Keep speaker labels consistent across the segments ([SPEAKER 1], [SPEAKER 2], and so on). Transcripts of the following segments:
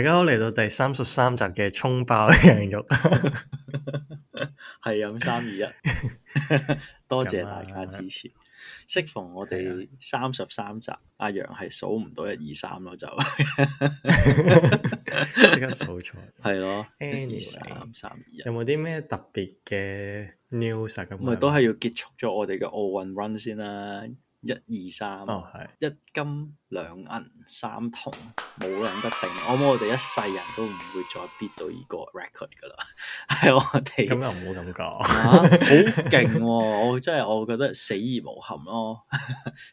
[SPEAKER 1] 大家好，嚟到第三十三集嘅蔥爆羊肉，係咁三二一，多謝大家支持。適逢我哋三十三集，阿楊係數唔到一二三咯，就即刻數錯，係咯。二三三二一，有冇啲咩特別嘅 news 啊？咁咪都係要結束咗我哋嘅奧運 run 先啦，一二三，哦係、oh, 一金兩銀三銅冇人得定，嗯、我唔我哋一世人，都唔會再 beat 到呢個 record 噶啦？係我哋咁又唔好咁講，好勁喎！我真係我覺得死而無憾咯。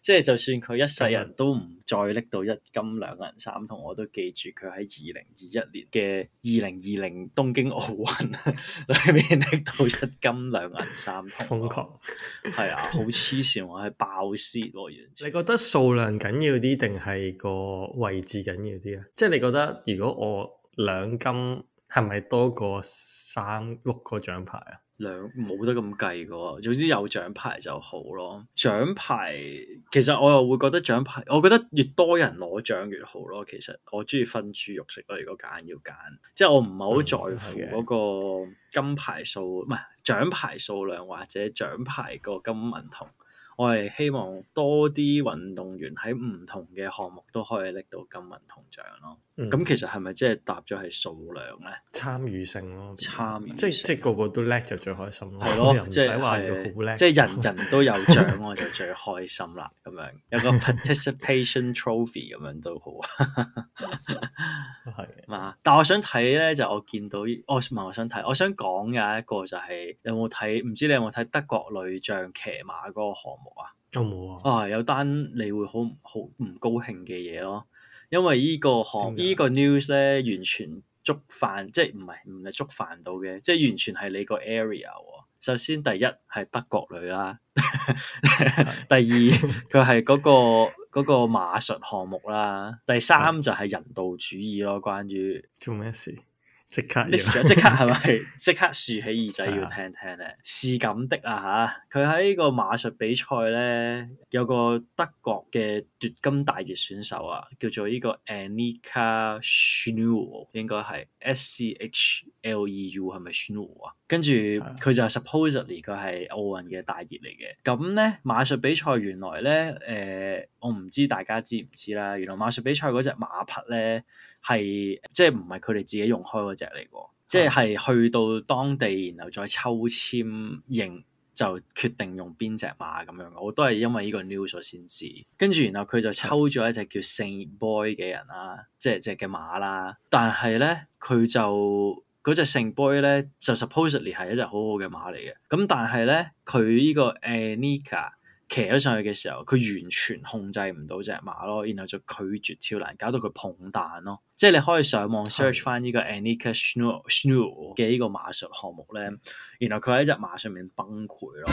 [SPEAKER 1] 即 係就算佢一世人，都唔再拎到一金兩銀三銅，我都記住佢喺二零二一年嘅二零二零東京奧運，裏邊拎到一金兩銀三銅。瘋狂係啊，好黐線，我係爆屎喎！完全爆你覺得數量緊要啲定？定係個位置緊要啲啊！即係你覺得，如果我兩金係咪多過三六個獎牌啊？兩冇得咁計嘅喎，總之有獎牌就好咯。獎牌其實我又會覺得獎牌，我覺得越多人攞獎越好咯。其實我中意分豬肉食咯。如果揀要揀，即係我唔係好在乎嗰、嗯、個金牌數，唔係的獎牌數量或者獎牌個金銀銅。我係希望多啲運動員喺唔同嘅項目都可以拎到金銀銅獎咯。咁、嗯、其實係咪即係達咗係數量咧？參與性咯、啊，參與性即即，即個個都叻就最開心、啊、 咯。係咯即，唔使話好叻，即人人都有獎我就最開心啦。咁 樣有個 participation trophy 咁 樣都好啊。係 嘛？但我想睇咧就我見到，我唔係我想睇，我想講嘅一個就係、是、有冇睇？唔知你有冇睇德國女將騎馬嗰個項目？哦、有啊！冇啊！有單你會好好唔高興嘅嘢咯，因為，個為個呢個項呢個 news 咧，完全觸犯，即係唔係唔係觸犯到嘅，即係完全係你個 area。首先，第一係德國女啦， 第二佢係嗰個嗰 個馬術項目啦，第三就係人道主義咯，關於做咩事？即刻，啲樹即刻係咪？即刻豎起耳仔要聽聽咧。是咁的啊吓，佢喺個馬術比賽咧，有個德國嘅奪金大熱選手啊，叫做呢個 Annika Schleu，應該係 S C H L E U，係咪 Schleu 啊？跟住佢就 supposedly 佢係奧運嘅大熱嚟嘅。咁咧馬術比賽原來咧，誒、呃，我唔知大家知唔知啦。原來馬術比賽嗰隻馬匹咧，係即係唔係佢哋自己用開只嚟即係去到當地，然後再抽簽認就決定用邊隻馬咁樣。我都係因為呢個 news 先知，跟住然後佢就抽咗一隻叫 Saint Boy 嘅人啦，即係隻嘅馬啦。但係咧，佢就嗰隻 Saint Boy 咧，就 supposedly 係一隻好好嘅馬嚟嘅。咁但係咧，佢呢個 Anika。騎咗上去嘅時候，佢完全控制唔到隻馬咯，然後就拒絕跳欄，搞到佢碰彈咯。即係你可以上網 search 翻呢個 Anika Schnoor 嘅呢個馬術項目咧，然後佢喺隻馬上面崩潰咯。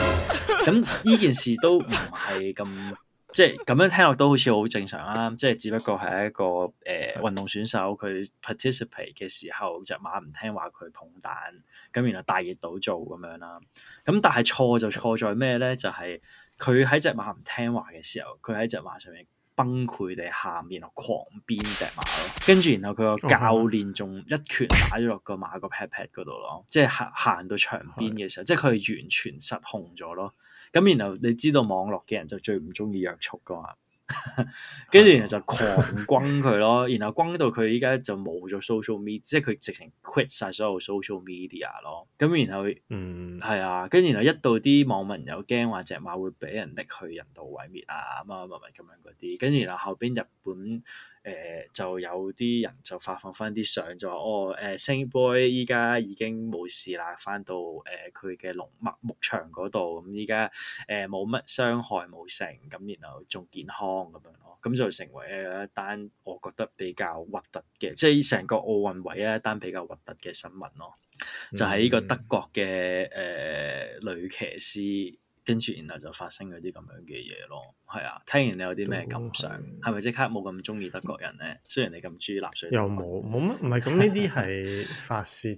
[SPEAKER 1] 咁呢 件事都唔係咁，即係咁樣聽落都好似好正常啦。即係只不過係一個誒運、呃、動選手佢 participate 嘅時候，隻馬唔聽話佢碰彈，咁然後大熱倒做咁樣啦。咁但係錯就錯在咩咧？就係、是。佢喺隻馬唔聽話嘅時候，佢喺隻馬上面崩潰地喊，狂鞭隻馬咯，跟住然後佢個教練仲一拳打咗落個馬個 pat pat 嗰度咯，即係行行到牆邊嘅時候，的即係佢完全失控咗咯。咁然後你知道網絡嘅人就最唔中意約束噶嘛。跟住 然後就狂轟佢咯，然後轟到佢依家就冇咗 social media，即係佢直情 quit 晒所有 social media 咯。咁然後，嗯，係啊，跟住然後一到啲網民又驚話隻馬會俾人踢去人道毀滅啊，乜乜乜咁樣嗰啲。跟住然後後邊日本。誒、呃、就有啲人就發放翻啲相，就話哦誒，Saint、呃、Boy 依家已經冇事啦，翻到誒佢嘅農牧牧場嗰度，咁依家誒冇乜傷害冇成，咁然後仲健康咁樣咯，咁就成為誒一單我覺得比較核突嘅，即係成個奧運唯一一單比較核突嘅新聞咯，嗯、就係呢個德國嘅誒、呃、女騎師。跟住，然後就發生嗰啲咁樣嘅嘢咯。係啊，聽完你有啲咩感想？係咪即刻冇咁鍾意德國人咧？ 雖然你咁鍾意納粹。又冇冇乜？唔係咁呢啲係發泄，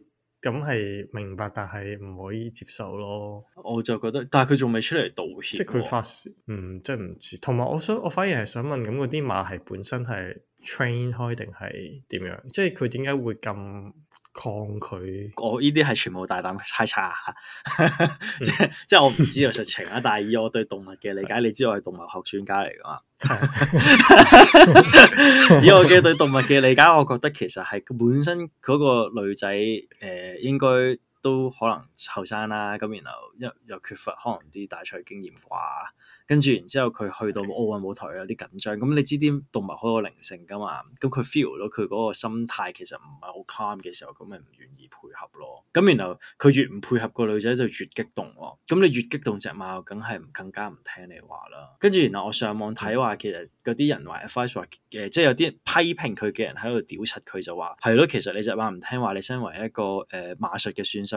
[SPEAKER 1] 咁係 明白，但係唔可以接受咯。 我就覺得，但係佢仲未出嚟道歉。即係佢發泄，唔、嗯、真唔知。同埋我想，我反而係想問，咁嗰啲馬係本身係 train 開定係點樣？即係佢點解會咁？抗拒，我呢啲係全部大膽猜測，即係即係我唔知道實情啊！但係以我對動物嘅理解， 你知我係動物學專家嚟㗎嘛？ 以我嘅對動物嘅理解，我覺得其實係本身嗰個女仔誒、呃，應該。都可能後生啦，咁然後又又缺乏可能啲大賽經驗啩，跟住然之後佢去到奧運舞台有啲緊張，咁你知啲動物好有靈性噶嘛，咁佢 feel 到佢嗰個心態其實唔係好 calm 嘅時候，咁咪唔願意配合咯。咁然後佢越唔配合，個女仔就越激動，咁你越激動隻馬梗係唔更加唔聽你話啦。跟住然後我上網睇話其實嗰啲人話 advice 嘅，即係有啲批評佢嘅人喺度屌柒佢就話係咯，其實你隻馬唔聽話，你身為一個誒、呃、馬術嘅選手。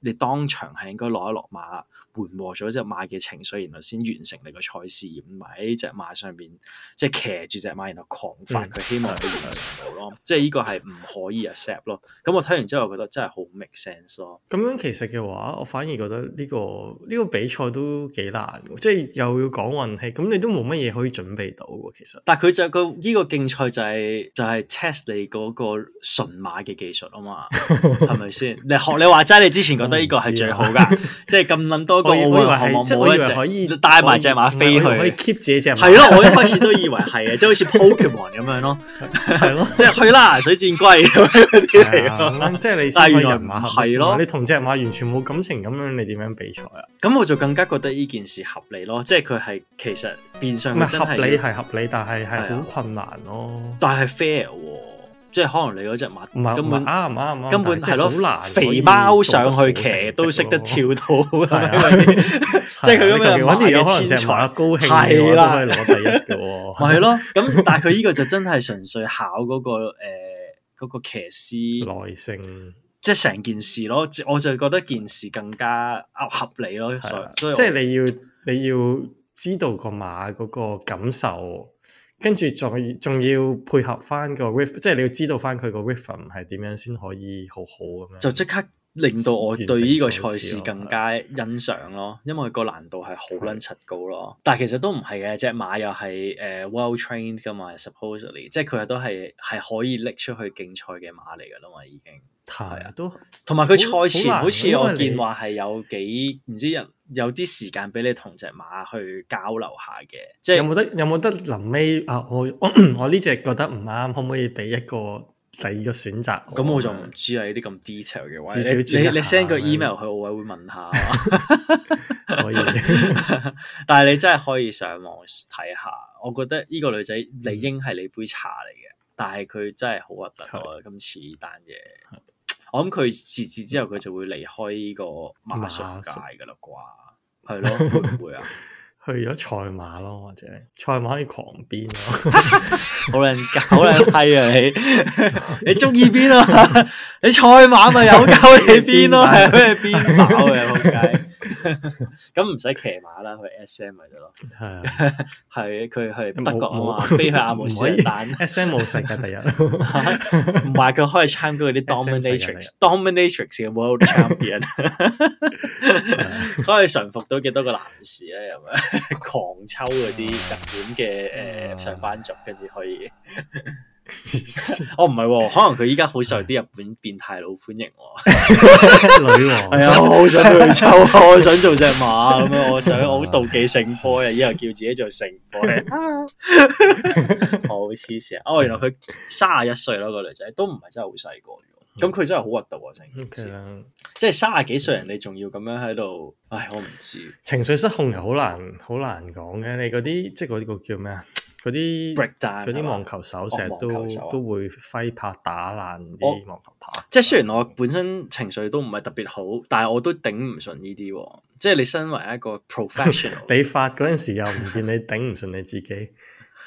[SPEAKER 1] 你當場係應該落一落馬緩和咗隻馬嘅情緒，然後先完成你個賽事，唔係喺隻馬上面，即、就、係、是、騎住隻馬，然後狂發佢希望你完成到咯。嗯、 即係呢個係唔可以 accept 咯。咁我睇完之後我覺得真係好 make sense 咯。咁樣其實嘅話，我反而覺得呢、這個呢、這個比賽都幾難，即係又要講運氣，咁你都冇乜嘢可以準備到嘅。其實，但係佢就、這個呢、這個競賽就係、是、就係、是、test 你嗰個純馬嘅技術啊嘛，係咪先？ 你學你話齋，你之前講。呢個係最好噶，即係咁撚多個號碼冇一隻，帶埋隻馬飛去。可以 keep 住隻馬。係咯，我一開始都以為係啊，即係好似 Pokemon 咁樣咯，係咯，即係去啦水箭龜咁啲嘢咯。即係你帶完人馬係咯，你同隻馬完全冇感情咁樣，你點樣比賽啊？咁我就更加覺得呢件事合理咯，即係佢係其實變相唔係合理係合理，但係係好困難咯，但係 fair 喎。即係可能你嗰隻馬，唔係啱唔啱？根本係咯，肥貓上去騎都識得跳到，即係佢咁樣揾啲嘢，可能就高興嘅啦。可以攞第一嘅喎。係咯，咁但係佢呢個就真係純粹考嗰個誒嗰個騎師耐性，即係成件事咯。我就覺得件事更加合理咯，所以即係你要你要知道個馬嗰個感受。跟住仲要仲要配合翻個 riff，即係你要知道翻佢個 riff 係點樣先可以好好咁樣。就即刻令到我對呢個賽事更加欣賞咯，因為個難度係好撚高咯。是的 但係其實都唔係嘅，隻馬又係誒、uh, well trained 噶嘛，supposedly，即係佢都係係可以拎出去競賽嘅馬嚟噶啦嘛，已經。係啊，都同埋佢賽前好似我見話係有幾唔知人有啲時間俾你同隻馬去交流下嘅，即係有冇得有冇得臨尾啊？我我呢只覺得唔啱，可唔可以俾一個第二個選擇？咁我就唔知啦，呢啲咁 detail 嘅位，至少你你 send 個 email 去奧委會問下，可以。但係你真係可以上網睇下，我覺得呢個女仔理應係你杯茶嚟嘅，但係佢真係好核突啊！今次單嘢。我諗佢辭職之後佢就會離開呢個馬術界噶啦啩，係咯會唔會啊？嗯、 去咗賽馬咯，或者賽馬可以狂鞭咯， 好靚搞，好靚批啊！你 你中意邊啊？ 你賽馬咪有教你編咯、啊，係咩編跑嘅扑街？ 邊啊 邊啊 咁唔使騎馬啦，去 S M 咪得咯。係佢去德國啊嘛，飛去阿姆斯特丹。S M 冇世界第一，唔係佢可以參加嗰啲 Dominatrix，Dominatrix 嘅 World Champion， 可以臣服到幾多個男士咧、啊，咁咪狂抽嗰啲特典嘅誒上班族，跟住可以。我唔係，可能佢依家好受啲日本變態佬歡迎。 女王係啊、哎，我好想去抽， 我想做隻馬咁樣，我想我好妒忌剩 boy，以後叫自己做剩 boy。 好黐線！哦，原來佢卅一歲咯，個女仔都唔係真係好細個。咁佢真係好核突啊！成件事、嗯。O 啦，okay，了即係卅幾歲人，你仲要咁樣喺度？唉，我唔知。情緒失控又好難，好難講嘅。你嗰啲即係嗰個叫咩啊？嗰啲嗰啲網球手成日吧常都、啊、都會揮拍打爛啲網球拍，即係、就是、雖然我本身情緒都唔係特別好，但係我都頂唔順呢啲。即、就、係、是、你身為一個 professional，你 發嗰陣時又唔見你頂唔順你自己。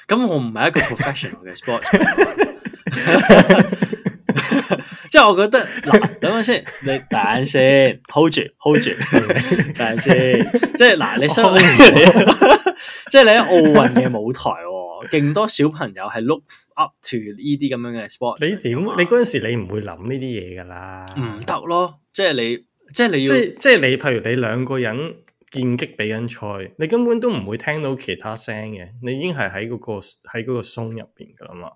[SPEAKER 1] 咁 我唔係一個 professional 嘅 sport。即係我覺得，嗱，等下先，你大眼先，hold 住，hold 住，大眼先。即係嗱，你身為，即係 你喺奧運嘅舞台。勁多小朋友係 look up to 呢啲咁樣嘅 sport。你點？你嗰陣時你唔會諗呢啲嘢噶啦。唔得咯，即係你，即係你要。即係即係你，譬如你兩個人劍擊比緊賽，你根本都唔會聽到其他聲嘅。你已經係喺嗰個喺個 zone 入邊噶啦嘛。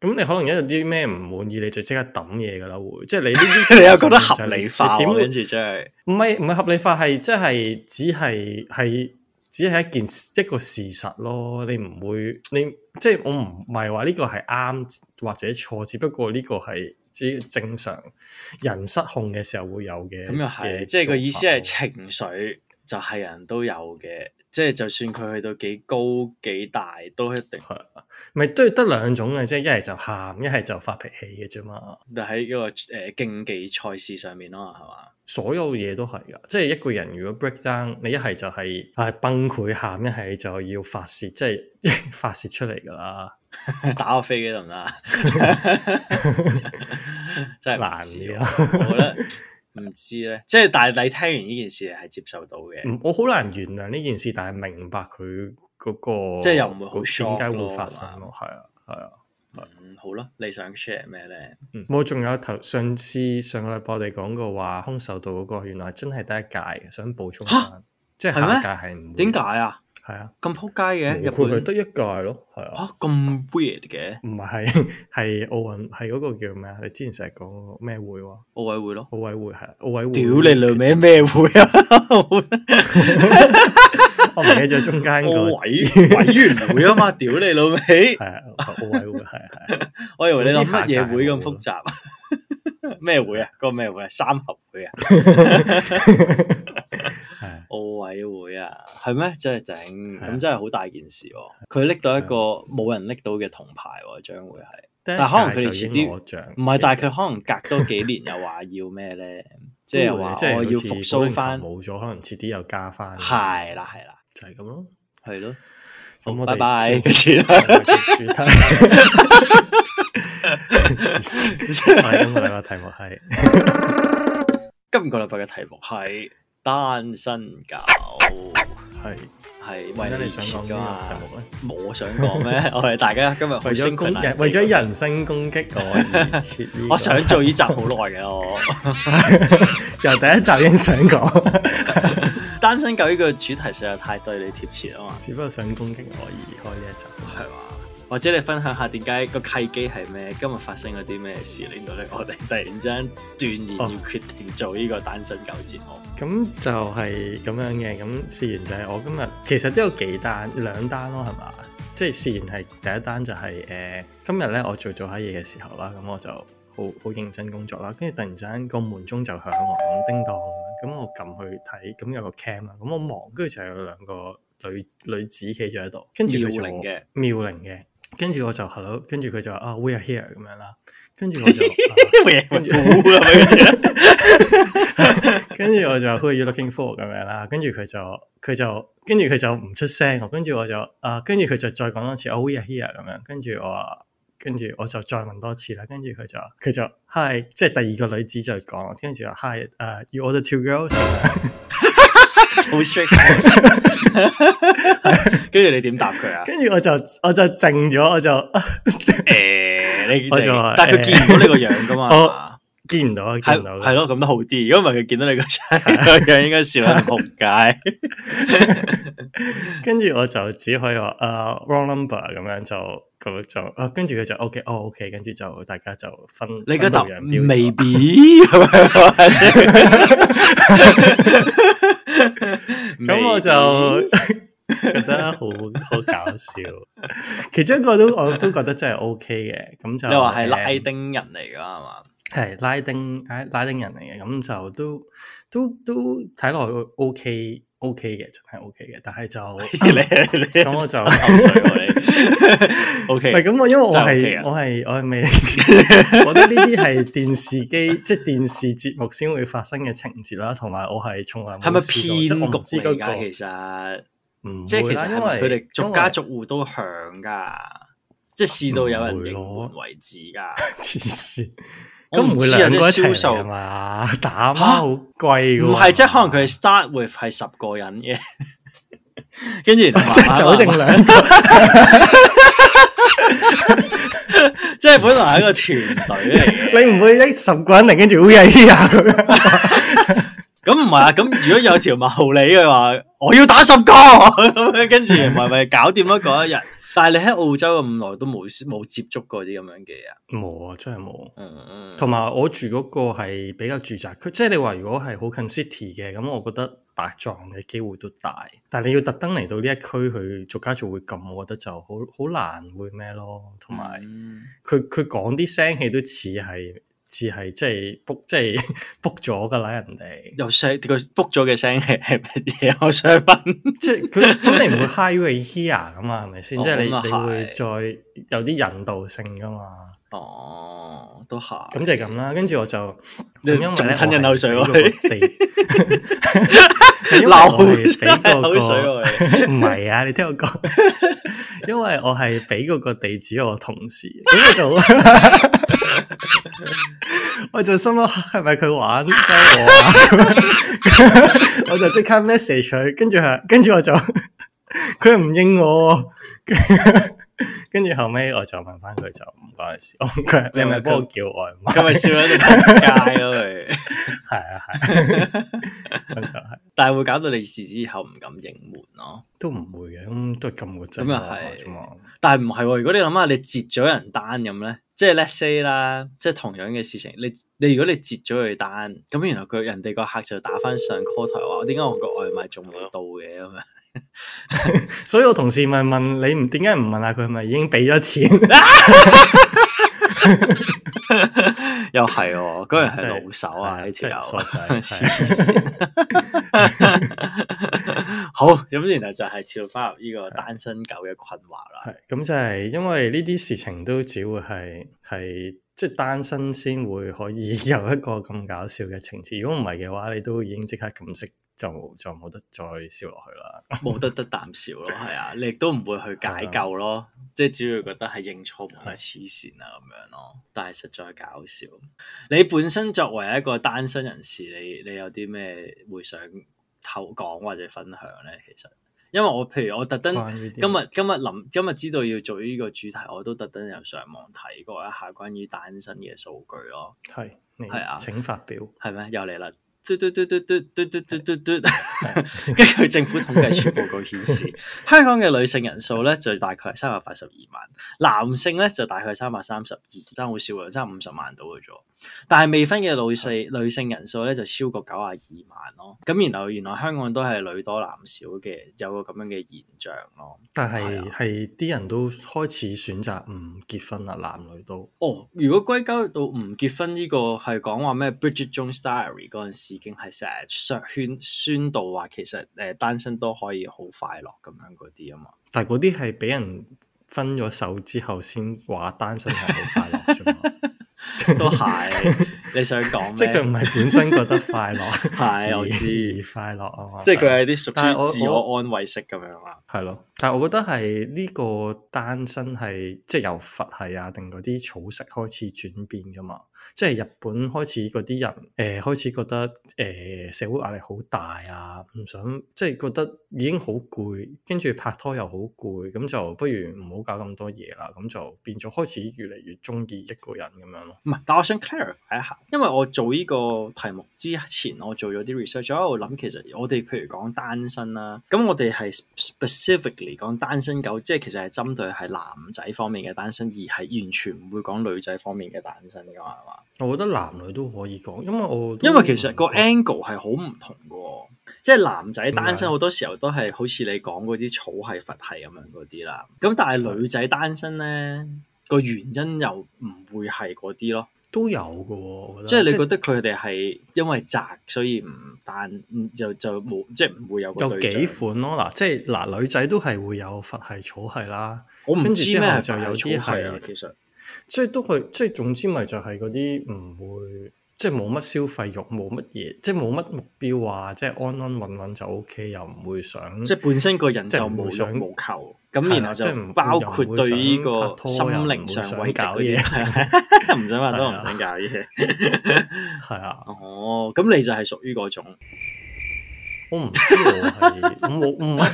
[SPEAKER 1] 咁你可能有啲咩唔滿意，你就即刻抌嘢噶啦會。即係你呢啲，你又覺得合理化？點解？唔係唔係合理化，係即係只係係只係一件一個事實咯，你唔會，你即係我唔係話呢個係啱或者錯，嗯、只不過呢個係只正常人失控嘅時候會有嘅。咁又係，即係個意思係情緒。就係人都有嘅，即係就算佢去到幾高幾大，都一定係，咪都係得兩種嘅啫，一係就喊，一係就發脾氣嘅啫嘛。就喺一個誒競技賽事上面咯，係嘛？所有嘢都係噶，即係一個人如果 break down，你一係就係係崩潰喊，一係就要發泄，即係發泄出嚟噶啦。 打個飛機得唔得？行行 真係 難料以、啊，我覺得。唔知咧，即係但係你聽完呢件事係接受到嘅、嗯。我好難原諒呢件事，但係明白佢嗰、那個，即係又唔會好點解會發生咯。係啊，係吧啊。啊嗯、好咯，你想 check 咩咧？我仲、嗯、有頭上次上個禮拜我哋講過話，空手道嗰個原來真係得一屆，想補充翻，咦即係下一屆係唔會點解啊？係啊，咁撲街嘅，入去得一屆咯，係啊。咁 weird 嘅，唔係係係奧運係嗰個叫咩啊？你之前成日講咩會喎？奧委會咯，奧委會係奧委會。屌你老味咩會啊？我唔記得咗中間個委委員會啊嘛！屌你老味，係啊，奧委會係啊係啊，我以為你乜嘢會咁複雜？咩會啊？個咩會啊？三合會啊？奧委會啊，係咩？真係整咁，真係好大件事。佢拎到一個冇人拎到嘅銅牌，將會係。但係可能佢遲啲，唔係，但係佢可能隔多幾年又話要咩咧？即係話，即係話我要復甦翻，冇咗可能遲啲又加翻。係啦，係啦，就係咁咯，係咯，咁我哋拜拜，結束啦。今個禮拜題目係，今個禮拜嘅題目係。單身狗係係為以前噶嘛？冇想講咩？我哋 大家今日去咗攻為咗人身攻擊我而設。我想做呢集好耐嘅我， 由第一集已經想講 單身狗呢個主題，實在太對你貼切啊嘛！只不過想攻擊我而開呢一集，係 嘛？ 或者你分享下點解個契機係咩？今日發生咗啲咩事令到咧我哋突然之間斷然要決定做呢個單身狗節目？咁、哦、就係咁樣嘅。咁事緣就係我今日其實都有幾單兩單咯，係嘛？即係事緣係第一單就係、是、誒、呃、今日咧，我做一做下嘢嘅時候啦，咁我就好好認真工作啦。跟住突然之間個門鐘就響我，叮當咁，我撳去睇，咁有個 cam 啊，咁我望，跟住就有兩個女女子企咗喺度，跟住佢妙齡嘅。跟住我就 Hello，跟住佢就話，We are here 咁樣啦。跟住我就，跟住我就，跟住我就，Who are you looking for 咁樣啦。跟住佢就佢就跟住佢就唔出聲。跟住我就啊，跟住佢就再講多次，We are here 咁樣。跟住我話，跟住我就再問多次啦。跟住佢就佢就 Hi，即係第二個女子就講。跟住 Hi，誒，You are the two girls。好 strict，跟住你點答佢啊？跟住 我就我就靜咗，我就誒、 哎，你靜咗但係佢見唔到你個樣噶嘛？ 見唔到啊，見唔到係咯，咁都好啲。如果唔係，佢見到你個樣，個樣 應該笑下仆街。 跟住我就只可以話啊、呃、，wrong number 咁樣就咁就啊，跟住佢就 O K，、啊、哦 O、okay, 哦、K，、okay, 跟住就大家就分。分樣你嗰度 maybe 係咪？咁、嗯、我就覺得好好搞笑。其中一個都我，我都覺得真係 O K 嘅。咁就你話係拉丁人嚟噶係嘛？ 係拉丁，拉丁人嚟嘅，咁就都都都睇來 O K O K 嘅，真係 O K 嘅。但係就咁我就我哋 O K。唔係咁我因為我係我係我係未，我覺得呢啲係電視機即係電視節目先會發生嘅情節啦。同埋我係從係係咪騙局之噶？其實即係其實因為佢哋逐家逐戶都響噶，即係試到有人應門為止噶，黐線。咁唔會兩個人一齊數係嘛？打嚇好貴喎，啊！唔係即係可能佢 start with 係十個人嘅，跟住即係就剩兩個。 即係本來係一個團隊嚟，你唔會拎十個人嚟跟住做嘢啲人。咁唔係啊？咁如果有條茂利嘅話，我要打十個咁樣，跟住咪咪搞掂囉嗰一日。但係你喺澳洲咁耐都冇冇接觸過啲咁樣嘅嘢？冇啊，真係冇。同埋、嗯、我住嗰個係比較住宅區，佢即係你話如果係好近 city 嘅，咁我覺得白撞嘅機會都大。但係你要特登嚟到呢一區去逐家逐戶撳，我覺得就好好難，會咩咯？同埋佢佢講啲聲氣都似係。似係即係 book，即係 book 咗噶啦，人哋又聲，佢 book 咗嘅聲係乜嘢？我想問，即係佢肯定唔會 high way here 咁嘛，係咪先？即係你你會再有啲引導性噶嘛？哦。咁就係咁啦，跟住我就，仲吞人口水咯，地流俾個個唔係啊！你聽我講，因為我係俾嗰個地址我同事，我就我就心諗係咪佢玩？我就即刻 message 佢，跟住係，跟住我就佢又唔應我。跟住 後尾我就問翻佢，就唔關事，我唔該，你係咪幫我叫外賣？咁咪笑喺度出街咯，佢係啊係，真就係。但係會搞到你事之以後唔敢應門咯。都唔會嘅，咁都係咁活掣咋嘛？但係唔係，如果你諗下你截咗人單咁咧，即係 let’s say 啦，即係同樣嘅事情，你你如果你截咗佢單，咁然後佢人哋個客就打翻上 call 台話，點解我個外賣仲冇到嘅咁樣？ 所以我同事咪問你唔點解唔問下佢係咪已經俾咗錢？ 又係哦，嗰人係老手啊，呢條、嗯嗯、傻仔。好咁、嗯，原來就係照返入呢個單身狗嘅困惑啦。係咁就係，因為呢啲事情都只會係係即係單身先會可以有一個咁搞笑嘅情節。如果唔係嘅話，你都已經即刻咁識。就就冇得再笑落去啦，冇 得得啖笑咯。係啊，你亦都唔會去解救咯，即係主要覺得係認錯唔係黐線啊咁樣咯，但係實在搞笑。你本身作為一個單身人士，你你有啲咩會想透講或者分享咧？其實，因為我譬如我特登今日今日諗今日知道要做呢個主題，我都特登又上網睇過一下關於單身嘅數據咯。係係啊，請發表，係咩？啊？又嚟啦！對對對對對對對對對，根據 政府統計處報告顯示， 香港嘅女性人數咧就大概係三百八十二萬，男性咧就大概係三百三十二，真係好少啊，真係五十萬到嘅啫。但係未婚嘅女性女性人數咧就超過九十二萬咯。咁然後原來香港都係女多男少嘅，有個咁樣嘅現象咯。但係係啲人都開始選擇唔結婚啦，男女都。哦，如果歸咎到唔結婚呢個係講話咩？Bridget Jones Diary 陣時。已經係成日勸宣導話，其實誒單身都可以好快樂咁樣嗰啲啊嘛，但係嗰啲係俾人分咗手之後先話單身係好快樂啫嘛， 都係。你想講咩？即係佢唔係本身覺得快樂， 係我知快樂啊嘛，即係佢係啲屬於自我安慰式咁樣啊。係咯，但係我覺得係呢個單身係即係由佛系啊定嗰啲草食開始轉變噶嘛，即係日本開始嗰啲人誒、呃、開始覺得誒、呃、社會壓力好大啊，唔想即係覺得已經好攰，跟住拍拖又好攰，咁就不如唔好搞咁多嘢啦，咁就變咗開始越嚟越中意一個人咁樣咯。唔係，但我想 clarify 一下。因為我做呢個題目之前，我做咗啲 research，我喺度諗，其實我哋譬如講單身啦，咁我哋係 specifically 講單身狗，即係其實係針對係男仔方面嘅單身，而係完全唔會講女仔方面嘅單身噶係嘛？我覺得男女都可以講，因為我因為其實個 angle 係好唔同嘅，即係男仔單身好多時候都係好似你講嗰啲草係佛係咁樣嗰啲啦，咁但係女仔單身呢個原因又唔會係嗰啲咯。都有嘅，我覺得即係你覺得佢哋係因為宅，即所以唔但就就冇即係唔會有有幾款咯嗱，即係嗱女仔都係會有佛系草系啦。我唔知咩就有啲，係啊，其實即係都係即係總之咪就係嗰啲唔會即係冇乜消費欲，冇乜嘢，即係冇乜目標話，即係安安穩穩就 OK，又唔會想即係本身個人就無欲無求。咁然後就包括對呢個心靈上位搞嘢，啊，唔想話多人點搞嘢，係啊。哦，咁你就係屬於嗰種。 我唔知喎， 我冇，我冇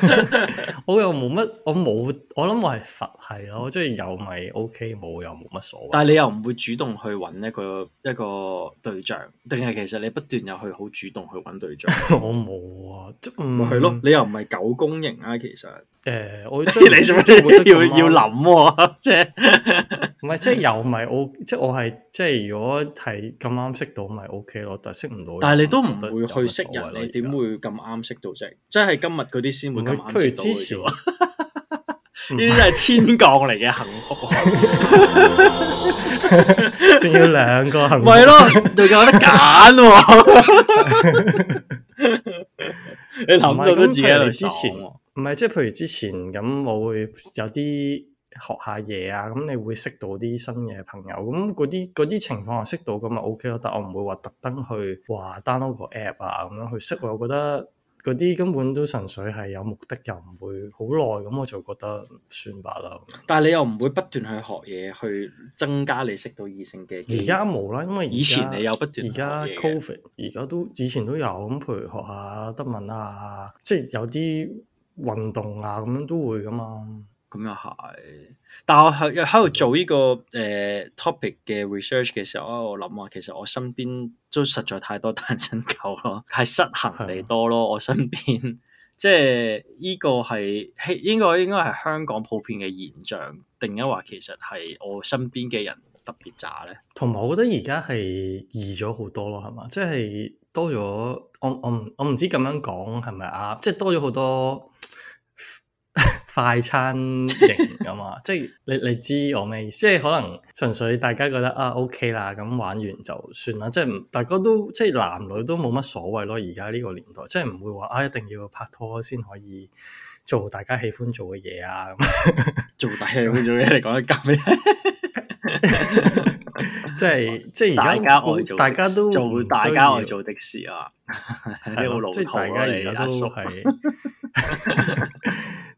[SPEAKER 1] 我又冇乜，我冇，我諗我係佛係咯。我雖然有，咪 O K，冇又冇乜、okay，所謂。嗯、但係你又唔會主動去揾一個一個對象，定係其實你不斷又去好主動去揾對象？ 我冇啊，即唔係咯，你又唔係狗公型啊，其實。誒、哎，我即係你做，做咩 要要諗、啊？即係唔係？即係又唔係？就是、我即係我係即係。如果係咁啱識，OK, 識到，咪 O K 咯。但係識唔到，但係你都唔會去識人，你點會咁啱識到？啫？即係今日嗰啲先會咁啱。不如之前呢啲真係天降嚟嘅幸福、啊，仲要兩個幸，福、啊，咪咯仲有得揀。你諗到都自己嚟做，唔係即係譬如之前咁，前我會有啲學下嘢啊，咁你會識到啲新嘅朋友，咁嗰啲啲情況我識到咁咪 OK 咯，但我唔會話特登去話 download 個 app 啊咁樣去識，我覺得。嗰啲根本都純粹係有目的，又唔會好耐，咁我就覺得算吧啦。但係你又唔會不斷去學嘢，去增加你識到異性嘅。而家冇啦，因為以前你有不斷。而家 COVID，而家都以前都有，咁譬如學下德文啊，即係有啲運動啊咁樣都會㗎嘛。咁又係，但係我喺喺度做呢個誒 topic 嘅 research 嘅時候，我諗啊，其實我身邊都實在太多單身狗咯，係失衡嚟多咯。的我身邊即係呢個係希呢個應該係香港普遍嘅現象，定抑話其實係我身邊嘅人特別渣咧？同埋我覺得而家係易咗好多咯，係嘛？即係多咗，我我唔我唔知咁樣講係咪啱？即係多咗好多。快餐型㗎嘛， 即係你你知我咩意思？即係可能純粹大家覺得啊 OK 啦，咁玩完就算啦。即係大家都即係男女都冇乜所謂咯。而家呢個年代，即係唔會話啊一定要拍拖先可以做大家喜歡做嘅嘢啊。做大家喜歡做嘢，啊、 你講得咁咩？即係即係大家大家都做大家愛做的事啊。即係大家啊，你阿叔。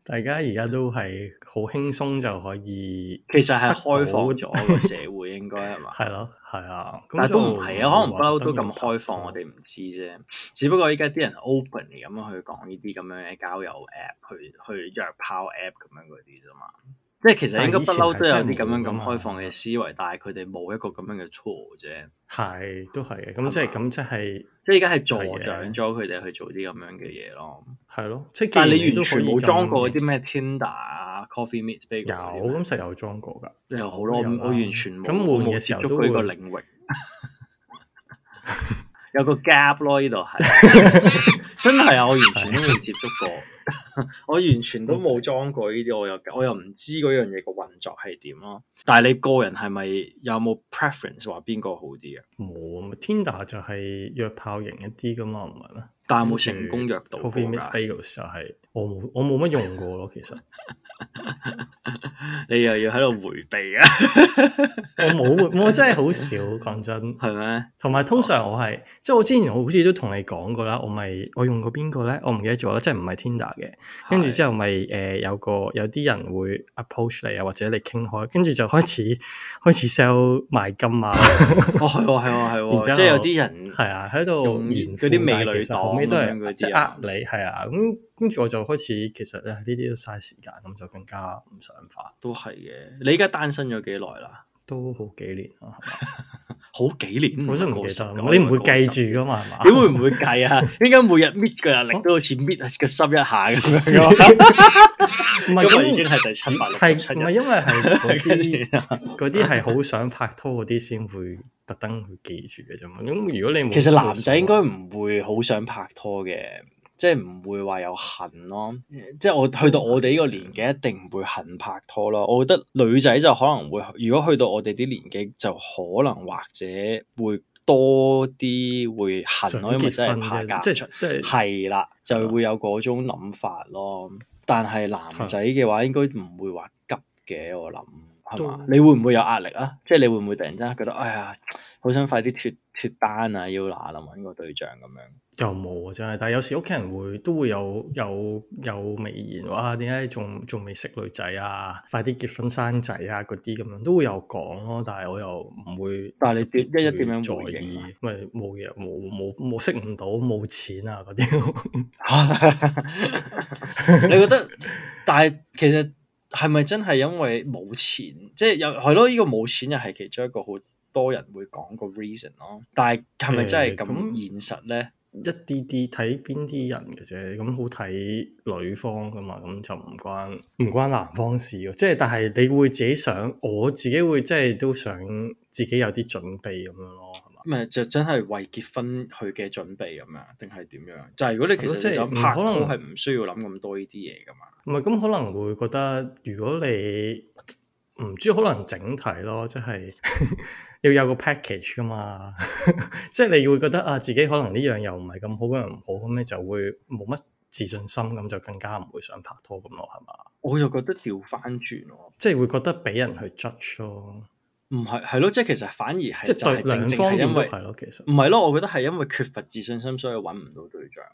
[SPEAKER 1] 大家而家都係好輕鬆就可以，其實係開放咗個社會應該，應該係嘛？係咯，係啊。但都唔係啊，哦、可能不嬲都咁開放，嗯、我哋唔知啫。只不過依家啲人 openly 咁去講呢啲咁樣嘅交友 app，去去約炮 app 咁樣嗰啲啫嘛。即係其實應該不嬲都有啲咁樣咁開放嘅思維，但係佢哋冇一個咁樣嘅錯啫。係都係嘅，咁，就是，即係咁即係，即係而家係助長咗佢哋去做啲咁樣嘅嘢咯。係咯，即係但係你完全冇裝過啲咩 Tinder 啊、Coffee Meet 俾有咁實有裝過㗎然。有好多，我完全冇。咁冇冇候都佢個領域， 有個 gap 咯，呢度係真係啊！我完全都未接觸過。 我完全都冇裝過呢啲，我又我又唔知嗰樣嘢個運作係點咯。但係你個人係咪有冇 preference 話邊個好啲嘅？冇，Tinder 就係約炮型一啲噶嘛，唔係咩？但係冇成功約到。就係。我冇我冇乜用過咯，其實 你又要喺度回避啊？ 我冇，我真係好少，講真係咩？同埋嗎通常我係即係我之前我好似都同你講過啦，我咪我用過邊個咧？我唔記得咗啦，即係唔係 Tinder 嘅。跟住之後咪誒有個有啲人會 approach 你啊，或者你傾開，跟住就開始開始，開始 sell 賣金啊。 哦係喎係喎係喎，即係有啲人係啊喺度嗰啲美女黨，後尾都係即係呃你係啊咁。跟住我就開始，其實咧呢啲都嘥時間，咁就更加唔想發。都係嘅，你而家單身咗幾耐啦？都好幾年啊，係嘛，好幾年我都唔記得，你唔會記住噶嘛？點會唔會計啊？點解每日搣個壓力都好似搣個心一下咁樣？唔係已經係第七份。係唔係因為係嗰啲嗰啲係好想拍拖嗰啲先會特登去記住嘅啫嘛？咁如果你冇，其實男仔應該唔會好想拍拖嘅。即係唔會話有恨咯，即係我去到我哋呢個年紀，一定唔會恨拍拖咯。我覺得女仔就可能會，如果去到我哋啲年紀，就可能或者會多啲會恨咯，結因為真係怕嫁，即係即係係啦，就會有嗰種諗法咯。但係男仔嘅話，的應該唔會話急嘅，我諗係嘛？都你會唔會有壓力啊？即係你會唔會突然間覺得哎呀，好想快啲脫？接單啊，要嗱臨搵個對象咁樣，又冇，真係。但係有時屋企人會都會有有有微言，話點解仲仲未識女仔啊，快啲結婚生仔啊，嗰啲咁樣都會有講咯。但係我又唔會，會，但係你一一點樣在意？咪冇嘢，冇冇冇識唔到，冇錢啊嗰啲。你覺得？但係其實係咪真係因為冇錢？即係又係咯？呢個冇錢又係其中一個好。多人會講個 reason 咯，但係係咪真係咁現實咧？呃、一啲啲睇邊啲人嘅啫，咁好睇女方噶嘛，咁就唔關唔關男方事。即係但係你會自己想，我自己會即係都想自己有啲準備咁樣咯，係嘛？唔係就真係為結婚去嘅準備咁樣，定係點樣？就係、如果你其實你、就係、可能我係唔需要諗咁多呢啲嘢噶嘛？唔係咁可能會覺得，如果你。唔知可能整體咯，即係 要有個 package 噶嘛， 即係你會覺得啊，自己可能呢樣又唔係咁好，嗰樣唔好咁，你就會冇乜自信心，咁就更加唔會想拍拖咁咯，係咪？我又覺得調返轉咯，即係會覺得俾人去 judge 咯。唔係，係咯，即係其實反而係，即係正兩方面都係咯，其實唔係咯，我覺得係因為缺乏自信心，所以揾唔到對象。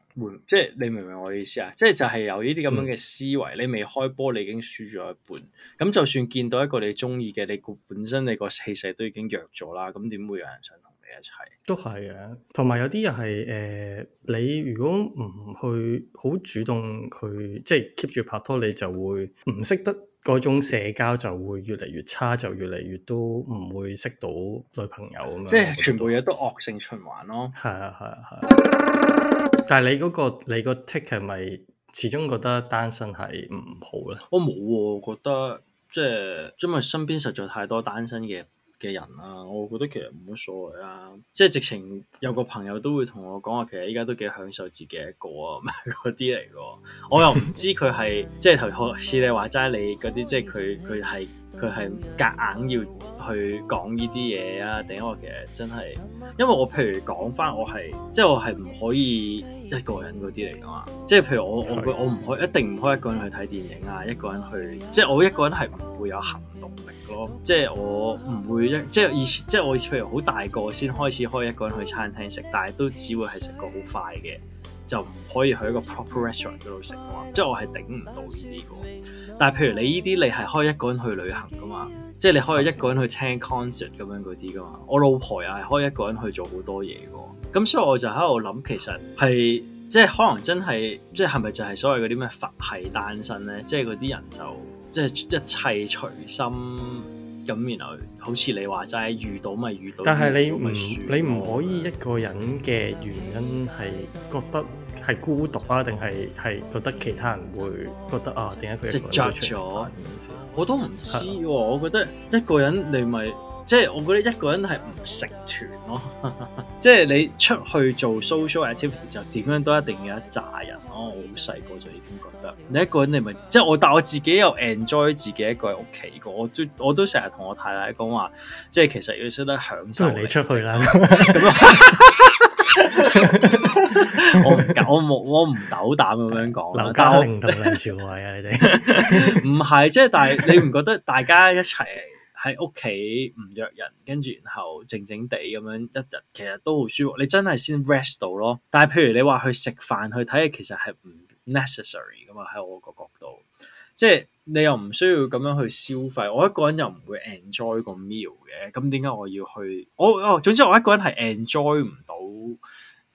[SPEAKER 1] 即係你明唔明我意思啊？即係就係有呢啲咁樣嘅思維，嗯、你未開波，你已經輸咗一半。咁就算見到一個你中意嘅，你本身你個氣勢都已經弱咗啦。咁點會有人想同你一齊？都係嘅，同埋有啲又係誒，你如果唔去好主動去，即係 keep 住拍拖，你就會唔識得。嗰種社交就會越嚟越差，就越嚟越都唔會識到女朋友咁樣。即係全部嘢都惡性循環咯。係啊係啊係啊！但係你嗰個你個 tick 係咪始終覺得單身係唔好咧？我冇喎覺得，即係因為身邊實在太多單身嘅。嘅人啊，我覺得其實冇乜所謂啊，即係直情有個朋友都會同我講話，其實依家都幾享受自己一個啊，咁嗰啲嚟㗎，我又唔知佢係 即係頭先似你話齋你嗰啲， 即係佢佢係。 佢係夾硬要去講呢啲嘢啊？定因為我其實真係，因為我譬如講翻，我係即係我係唔可以一個人嗰啲嚟噶嘛。即係譬如我我我唔可以一定唔可以一個人去睇電影啊，一個人去即係我一個人係唔會有行動力咯。即係我唔會一即係以前即係我譬如好大個先開始開一個人去餐廳食，但係都只會係食個好快嘅。就唔可以去一個 proper restaurant 嗰度食嘅話，即係我係頂唔到呢啲。但係譬如你呢啲，你係可以一個人去旅行嘅嘛，即係你可以一個人去聽 concert 咁樣嗰啲嘅嘛。我老婆又係可以一個人去做好多嘢嘅，咁所以我就喺度諗，其實係即係可能真係即係係咪就係所謂嗰啲咩佛系單身咧？即係嗰啲人就即係一切隨心咁，然後好似你話齋遇到咪遇到，遇到，遇到。但係你唔你唔可以一個人嘅原因係覺得。係孤獨啊？定係係覺得其他人會覺得啊？點解佢執着咗？我都唔知喎、啊。我覺得一個人你咪即係，就是，我覺得一個人係唔成團咯、啊。即 係你出去做 social activity 就點樣都一定要一紮人咯、啊。我好細個就已經覺得你一個人你咪即係我，但我自己又 enjoy 自己一個喺屋企個。我都我都成日同我太太講話，即、就、係、是、其實要識得享受。你出去啦！ 我唔敢，我冇，我唔斗膽咁樣講。劉嘉玲同梁朝偉啊，你哋唔係即係，但係你唔覺得大家一齊喺屋企唔約人，跟住然後靜靜地咁樣一日，其實都好舒服。你真係先 rest 到咯。但係譬如你話去食飯去睇，其實係唔 necessary 噶嘛。喺我個角度，即係你又唔需要咁樣去消費。我一個人又唔會 enjoy 個 meal 嘅。咁點解我要去？我哦，總之我一個人係 enjoy 唔到。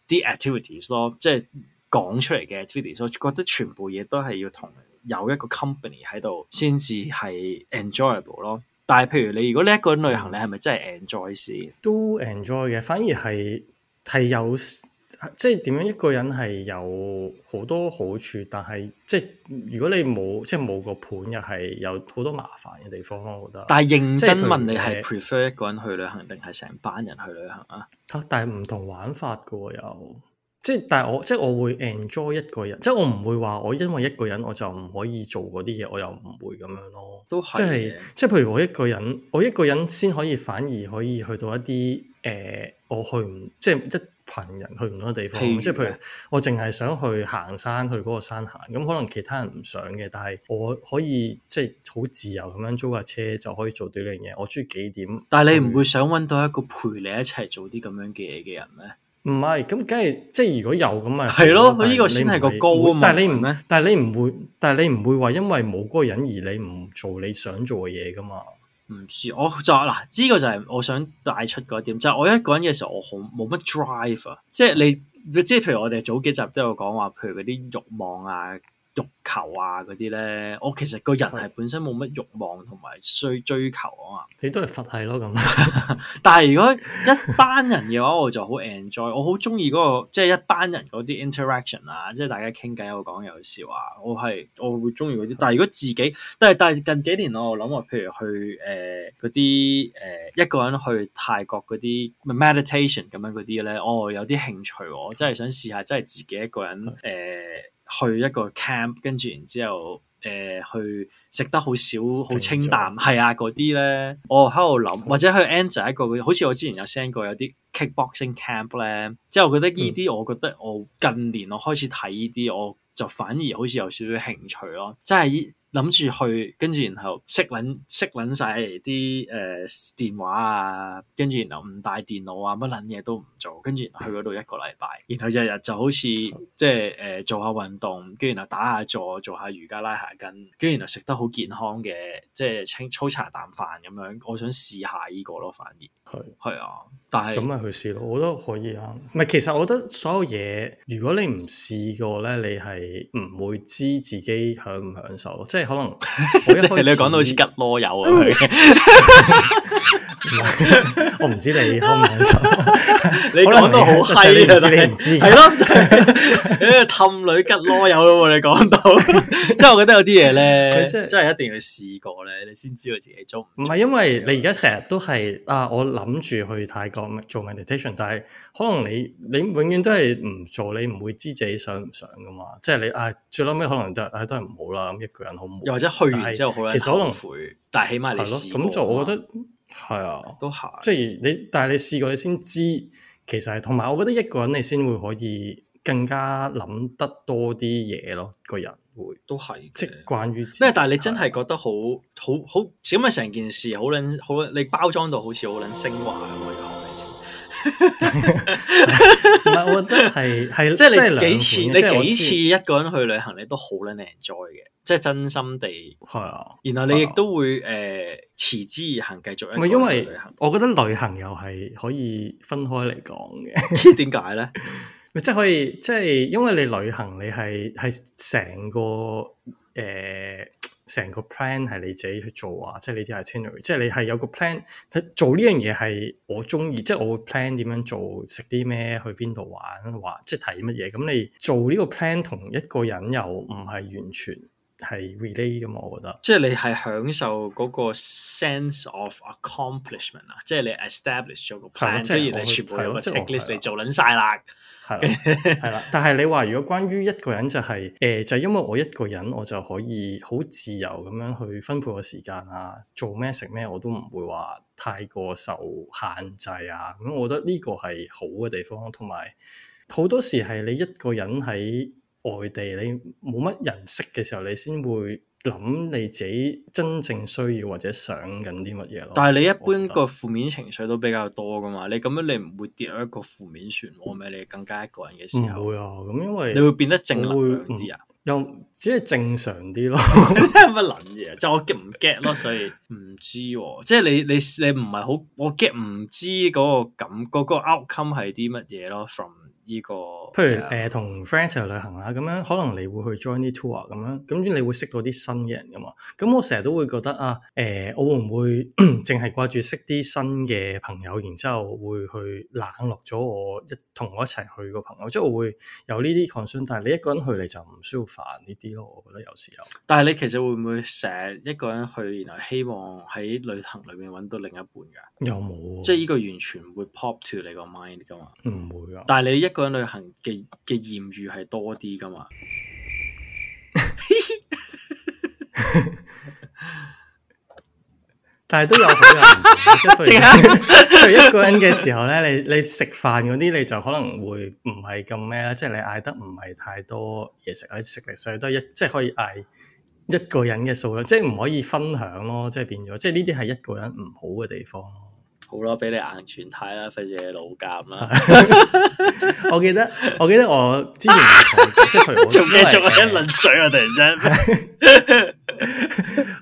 [SPEAKER 1] 啲 activities 咯，即係講出嚟嘅 activities，我覺得全部嘢都係要同有一個 company 喺度，先至係 enjoyable 咯。但係譬如你如果你一個人旅行，你係咪真係 enjoy 先？都 enjoy 嘅，反而係係有。即係點樣一個人係有好多好處，但係即係如果你冇即係冇個伴，又係有好多麻煩嘅地方咯，我覺得。但係認真問你係 prefer 一個人去旅行定係成班人去旅行啊？但係唔同玩法嘅喎又，即係但係我即係我會 enjoy 一個人，即係我唔會話我因為一個人我就唔可以做嗰啲嘢，我又唔會咁樣咯。都係，即係譬如我一個人，我一個人先可以反而可以去到一啲誒、呃，我去唔即係一。群人去唔同嘅地方，即係如譬如我淨係想去行山，去嗰個山行，咁可能其他人唔想嘅，但係我可以即係好自由咁樣租架車就可以做到呢樣嘢。我中意幾點，但係你唔會想揾到一個陪你一齊做啲咁樣嘅嘢嘅人咩？唔係，咁梗係即係如果有咁咪？係咯的，佢呢個先係個高啊嘛。會但係你唔，但係你唔會，會，但係你唔會話因為冇嗰個人而你唔做你想做嘅嘢噶嘛？唔知，我就嗱，呢個就係我想帶出嗰一點，就係我一個人嘅時候，我好冇乜 drive 啊，即係你，即係譬如我哋早幾集都有講話，譬如嗰啲欲望啊。欲求啊嗰啲咧，我其實個人係本身冇乜欲望同埋需追求啊嘛。你都係佛系咯咁。嗯、但係如果一班人嘅話，我就好 enjoy，我好中意嗰個即係一班人嗰啲 interaction 啊，即係大家傾偈又講有笑啊，我係我會中意嗰啲。的但係如果自己，但係但係近幾年我諗話，譬如去誒嗰啲誒一個人去泰國嗰啲 meditation 咁樣嗰啲咧，我、哦、有啲興趣，我真係想試下，真係自己一個人誒。的去一個 camp，跟住然之後，誒、呃、去食得好少，好清淡，係啊嗰啲咧，我喺度諗，嗯、或者去 answer 一個，好似我之前有 send 過有啲 kickboxing camp 咧，即係我覺得依啲，嗯、我覺得我近年我開始睇依啲，我就反而好似有少少興趣咯，即係依。諗住去，跟住然後熄撚熄撚晒啲誒電話啊，跟住然後唔帶電腦啊，乜撚嘢都唔做，跟住去嗰度一個禮拜，然後日日就好似即係誒做下運動，跟住然後打下坐，做下瑜伽拉下筋，跟住然後食得好健康嘅，即係清粗茶淡飯咁樣。我想試下呢個咯，反而係係是啊，但係咁咪去試咯，我覺得可以啊。唔係，其實我覺得所有嘢，如果你唔試過咧，你係唔會知自己享唔享受咯，即係。可能即係你講到好似吉囉友啊佢。唔係，我唔知你開唔開心。你講到好係你唔知係咯，氹女吉囉柚啊！你講到，即係我覺得有啲嘢咧，即係真係一定要試過咧，你先知道自己中。唔係，因為你而家成日都係啊，我諗住去泰國做 meditation，但係可能你你永遠都係唔做，你唔會知自己想唔想噶嘛。即係你啊，最嬲尾，可能都係都係唔好啦，咁一個人好唔好？又或者去完之後好其實可能會，但係起碼你試過。咁就我覺得。係啊，都係。即係你，但係你試過你先知，其實係同埋，我覺得一個人你先會可以更加諗得多啲嘢咯。個人會都係，即係關於，即係，但係你真係覺得好好好，咁咪成件事好捻好，你包裝到好似好捻升華嘅內涵。唔係， 我覺得係係，即係你幾次，款你幾次一個人去旅行，你都好捻 enjoy 嘅，即係真心地係啊。的然後你亦都會誒哇、呃、持之以恆，繼續一。唔係因為，我覺得旅行又係可以分開嚟講嘅。點解咧？ 即係可以，即係因為你旅行，你係係成個誒。呃成個 plan 係你自己去做啊，就是，即係你啲 i t i n e r y 即係你係有個 plan 做呢樣嘢係我中意，即係我 plan 點樣做，食啲咩，去邊度玩，玩即係睇乜嘢。咁你做呢個 plan 同一個人又唔係完全係 relate 嘛，我覺得。即係你係享受嗰個 sense of accomplishment 啊，即係你 establish 咗個 plan，即住你全部有個即 h e c k l 你做撚晒啦。係啦，係啦，但係你話如果關於一個人就係，誒，就係因為我一個人，我就可以好自由咁樣去分配個時間啊，做咩食咩，我都唔會話太過受限制啊。咁我覺得呢個係好嘅地方，同埋好多時係你一個人喺外地，你冇乜人識嘅時候，你先會。諗你自己真正需要或者想緊啲乜嘢咯？但係你一般個負面情緒都比較多噶嘛？你咁樣你唔會跌落一個負面漩渦咩？你更加一個人嘅時候唔會啊？咁因為你會變得正能量啲啊、嗯？又只係正常啲咯？乜諗嘢？就我我 get 唔 get 咯？所以唔知 即係你你你唔係好我 get 唔知嗰個感嗰個 outcome 係啲乜嘢咯？From 呢個，譬如誒同 friends 一齊旅行啊，咁樣可能你會去 join 啲 tour 咁樣，咁你會識到啲新嘅人噶嘛？咁我成日都會覺得啊，誒，我會唔會淨係掛住識啲新嘅朋友，然之後會去冷落咗我一同我一齊去個朋友？即我會有呢啲 concern，但係你一個人去你就唔需要煩呢啲咯。我覺得有時候，但係你其實會唔會成日一個人去，然後希望喺旅行裏面揾到另一半㗎？有冇？即係呢個完全會 pop to 你個 mind 噶嘛？唔會啊！但係你一一個人旅行嘅嘅艷遇係多啲噶嘛？ 但係都有好多人，一個人嘅時候咧，你你食飯嗰啲，你就可能會唔係咁咩啦，即係你嗌得唔係太多嘢食，或者食嚟，所以都一即係可以嗌一個人嘅數量，即係唔可以分享咯，即係變咗，即係呢啲係一個人唔好嘅地方咯。好咯，俾你硬全睇啦，費事你老監啦。 我記得，我記得我之前 即係佢做咩做咗一輪嘴啊！突然之間，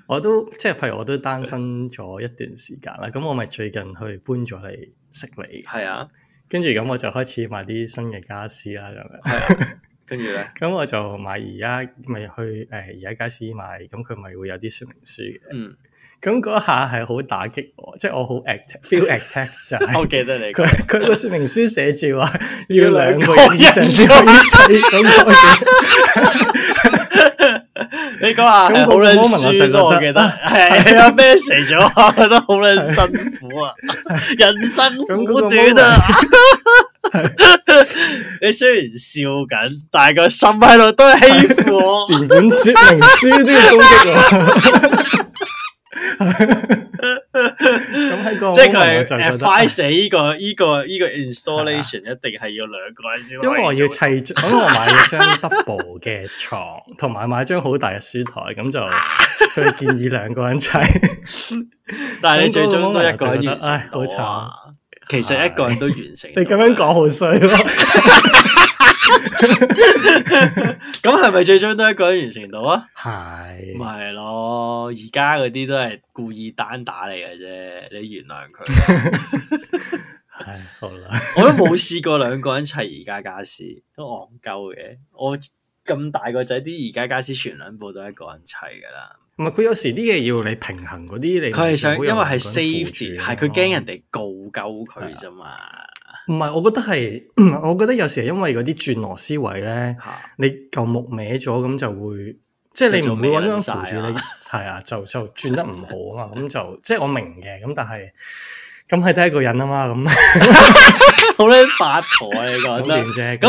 [SPEAKER 1] 我都即係譬如我都單身咗一段時間啦，咁我咪最近去搬咗嚟悉尼。係啊，跟住咁我就開始買啲新嘅家私啦咁樣。係啊，跟住咧，咁我就買而家咪去誒而家家私買，咁佢咪會有啲說明書嘅。嗯。咁嗰下係好打擊我，即係我好 act feel act 就係。我記得你佢佢個說明書寫住話要兩個人以上先可以砌。你講下，好難。我記得係啊，message 咗？覺得好難辛苦啊，人生苦短啊。你雖然笑緊，但係個心喺度都欺負我。連本說明書都要攻擊我。咁喺個即係佢快死呢個呢個呢個 installation 一定係要兩個人先，因為我要砌，咁我買咗張 double 嘅床，同埋買張好大嘅書台，咁就佢建議兩個人砌，但係你最終都一個人完成，唉，好慘。其實一個人都完成，你咁樣講好衰咯。咁係咪最終都一個人完成到啊？係咪的咯？而家嗰啲都係故意單打嚟嘅啫，你原諒佢。係 好啦， 我都冇試過兩個人砌而家家私，都戇鳩嘅。我咁大個仔，啲而家家私，全兩部都係一個人砌噶啦。唔係佢有時啲嘢，要你平衡嗰啲，你佢係想因為係 save 住，係佢驚人哋告鳩佢啫嘛。唔係，我覺得係， 我覺得有時係因為嗰啲轉螺絲位咧，的你嚿木歪咗，咁就會，即係你唔會穩穩扶住你，係啊，就就轉得唔好啊嘛，咁 就，即係我明嘅，咁但係。咁係得一個人啊嘛，咁好叻發婆啊！個咁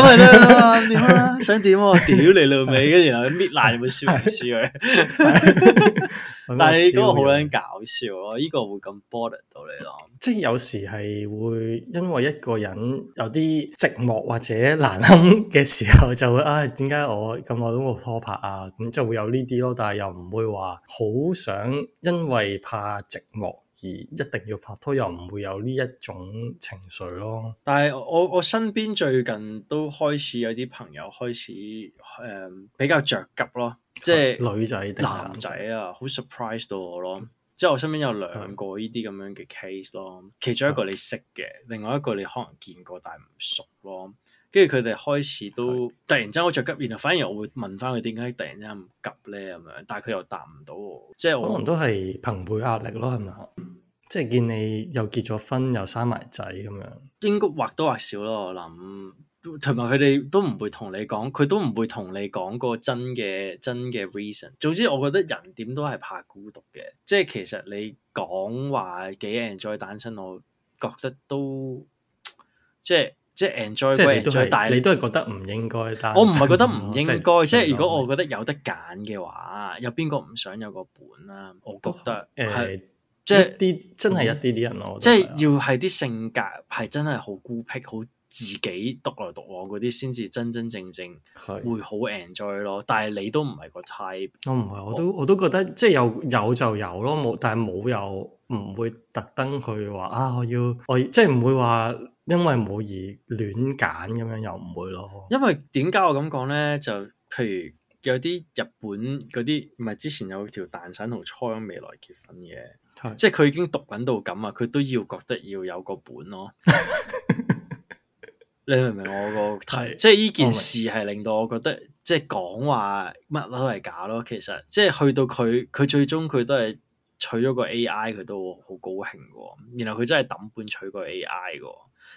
[SPEAKER 1] 啊，想點喎？屌你老味！跟住然後搣爛你部書書佢。但係嗰個好撚搞笑咯，呢 個會咁 body 到你咯。即係有時係會因為一個人有啲寂寞或者難堪嘅時候就、哎帖帖啊，就會啊，點解我咁耐都冇拖拍啊？咁就會有呢啲咯。但係又唔會話好想因為，想因為，因為怕寂寞。一定要拍拖又唔會有呢一種情緒咯。但係我我身邊最近都開始有啲朋友開始誒、嗯、比較着急咯，即係女仔定男仔啊，好 surprise 到我咯。即係我身邊有兩個呢啲咁樣嘅 case 咯，其中一個你識嘅，另外一個你可能見過但係唔熟咯。跟住佢哋開始都突然間好着急，然後反而我會問翻佢點解突然間咁急咧，咁樣，但係佢又答唔到我，即係可能都係朋輩壓力咯，係咪、嗯？即係見你又結咗婚又生埋仔咁樣，應該或多或少咯。我諗，同埋佢哋都唔會同你講，佢都唔會同你講個真嘅真嘅 reason。總之，我覺得人點都係怕孤獨嘅。即係其實你講話幾 enjoy 單身，我覺得都即係即係 enjoy。即係你都係是你都係覺得唔應該。但我唔係覺得唔應該。即係如果我覺得有得揀嘅話，有邊個唔想有個伴啊？我覺得誒。即係啲真係一啲啲人咯，即係要係啲性格係真係好孤僻、好自己獨來獨往嗰啲，先至真真正正會好 enjoy 咯。的但係你都唔係個 type，我唔係，我都我都覺得即係有有就有咯，冇但係冇又唔會特登去話啊，我要我要即係唔會話因為冇而亂揀咁樣又唔會咯。因為點解我咁講咧？就譬如。有啲日本嗰啲唔係之前有條蛋散同初音未來結婚嘅，對即係佢已經讀緊到咁啊！佢都要覺得要有個本咯， 你明唔明我個題？對即係呢件事係令到我覺得，即係講話乜都係假咯。其實即係去到佢，佢最終佢都係娶咗個 AI，佢都好高興嘅。然後佢真係抌本娶個 AI 嘅。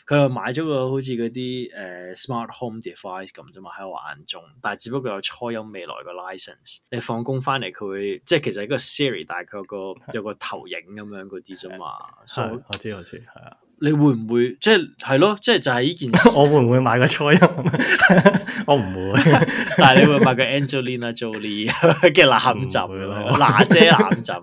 [SPEAKER 1] 佢又買咗個好似嗰啲誒 smart home device 咁啫嘛，喺我眼中，但係只不過有初音未來個 license。你放工翻嚟，佢會即係其實係一個 Siri，但係佢有個的有個投影咁樣嗰啲啫嘛。係的，我知我知，係啊的。你會唔會即係係咯？即係就係呢件 我會唔會買個初音？ 我唔不會。 但係你會買個 Angelina Jolie 嘅攬枕，娜姐攬枕。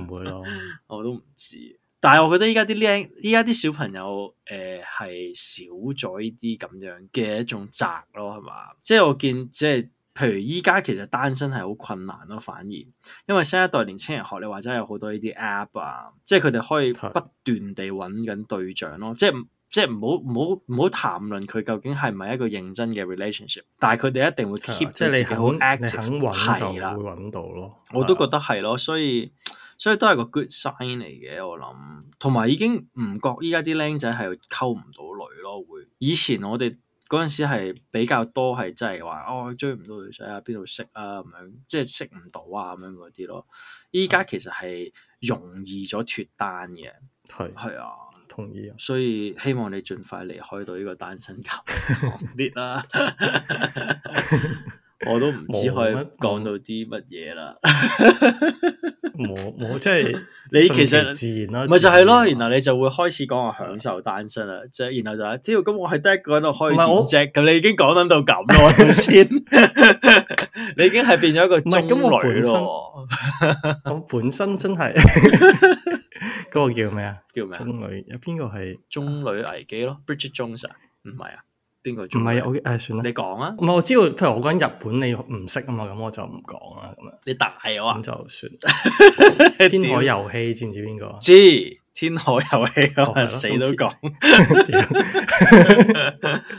[SPEAKER 1] 唔 會咯，我， 我都唔知。但係，我覺得依家啲僆，依家啲小朋友，誒、呃、係少咗呢啲咁樣嘅一種責咯，係嘛？即係我見，即係譬如依家其實單身係好困難咯，反而因為新一代年輕人學你話齋，有好多呢啲 App 啊，即係佢哋可以不斷地揾緊對象咯的，即係即係唔好唔好唔好談論佢究竟係唔係一個認真嘅 relationship，但係佢哋一定會 keep 即係你好 active，肯揾就會揾到咯。我都覺得係咯，所以。所以都係個 good sign 嚟嘅，我諗，同埋已經唔覺依家啲僆仔係溝唔到女咯，會以前我哋嗰陣時係比較多係，真係話哦，追唔到女仔啊，邊度識啊，咁樣即係識唔到啊，咁樣嗰啲咯。依家其實係容易咗脱單嘅，係係是啊，同意啊。所以希望你盡快離開到呢個單身狗行列啦。 我都唔知可以講到啲乜嘢啦，我我即係你其實自然啦，咪就係咯，然後你就會開始講我享受單身啦，即係、嗯、然後就話只要咁我係得一個人喺度可以唔只，咁你已經講到到咁咯，先， 你已經係變咗一個中女咯，我本， 我本身真係嗰個叫咩啊？叫咩？中女有邊個係中女危機咯？Bridget Jones 唔係啊？ 唔係我 k、呃、算啦。你講啊。唔係，我知道，譬如我講日本，你唔識啊嘛，咁我就唔講啦，咁啊。你大我啊，咁就算。 天海遊戲 知唔知邊個？知。天海遊戲我死都講，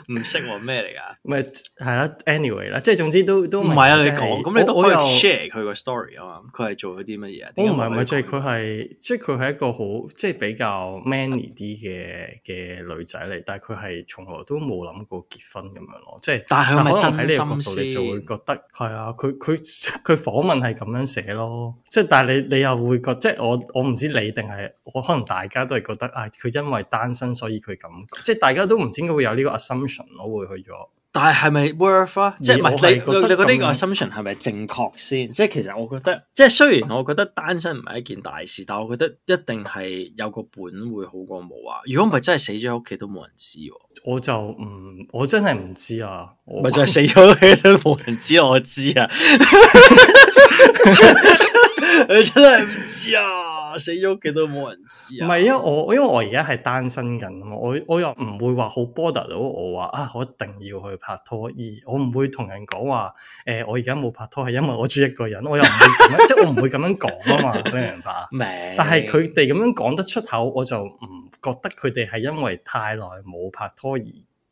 [SPEAKER 1] 唔識喎，咩嚟噶？咪係啦，anyway 啦，即係總之都都唔係啊！你講，咁你都可以 share 佢個 story 啊嘛？佢係做咗啲乜嘢？我唔係唔係，即係佢係即係佢係一個好即係比較 manly 啲嘅嘅女仔嚟，但係佢係從來都冇諗過結婚咁樣咯。即係但係可能喺呢個角度，你就會覺得係啊！佢佢佢訪問係咁樣寫咯，即係但係你你又會覺即係我我唔知你定係我可能。大家都係覺得啊，佢、哎、因為單身所以佢咁，即係大家都唔知佢會有呢個 assumption，我會去咗。但係係咪 worth 啊？即係問你覺得呢個 assumption 係咪正確先？即係其實我覺得，即係雖然我覺得單身唔係一件大事，但係我覺得一定係有個本會好過冇啊。如果唔係真係死咗喺屋企都冇人知，我就唔我真係唔知啊。我就係死咗喺屋企都冇人知，我知啊。你 真係唔知啊，死咗幾多冇人知啊！唔係啊，我我因為我而家係單身緊啊嘛，我我又唔會話好 bother 到我話啊，我一定要去拍拖，而我唔會同人講話誒，我而家冇拍拖係因為我住一個人，我又唔會咁，即係 我唔會咁樣講啊嘛，你明唔明白啊？明白但係佢哋咁樣講得出口，我就唔覺得佢哋係因為太耐冇拍拖而。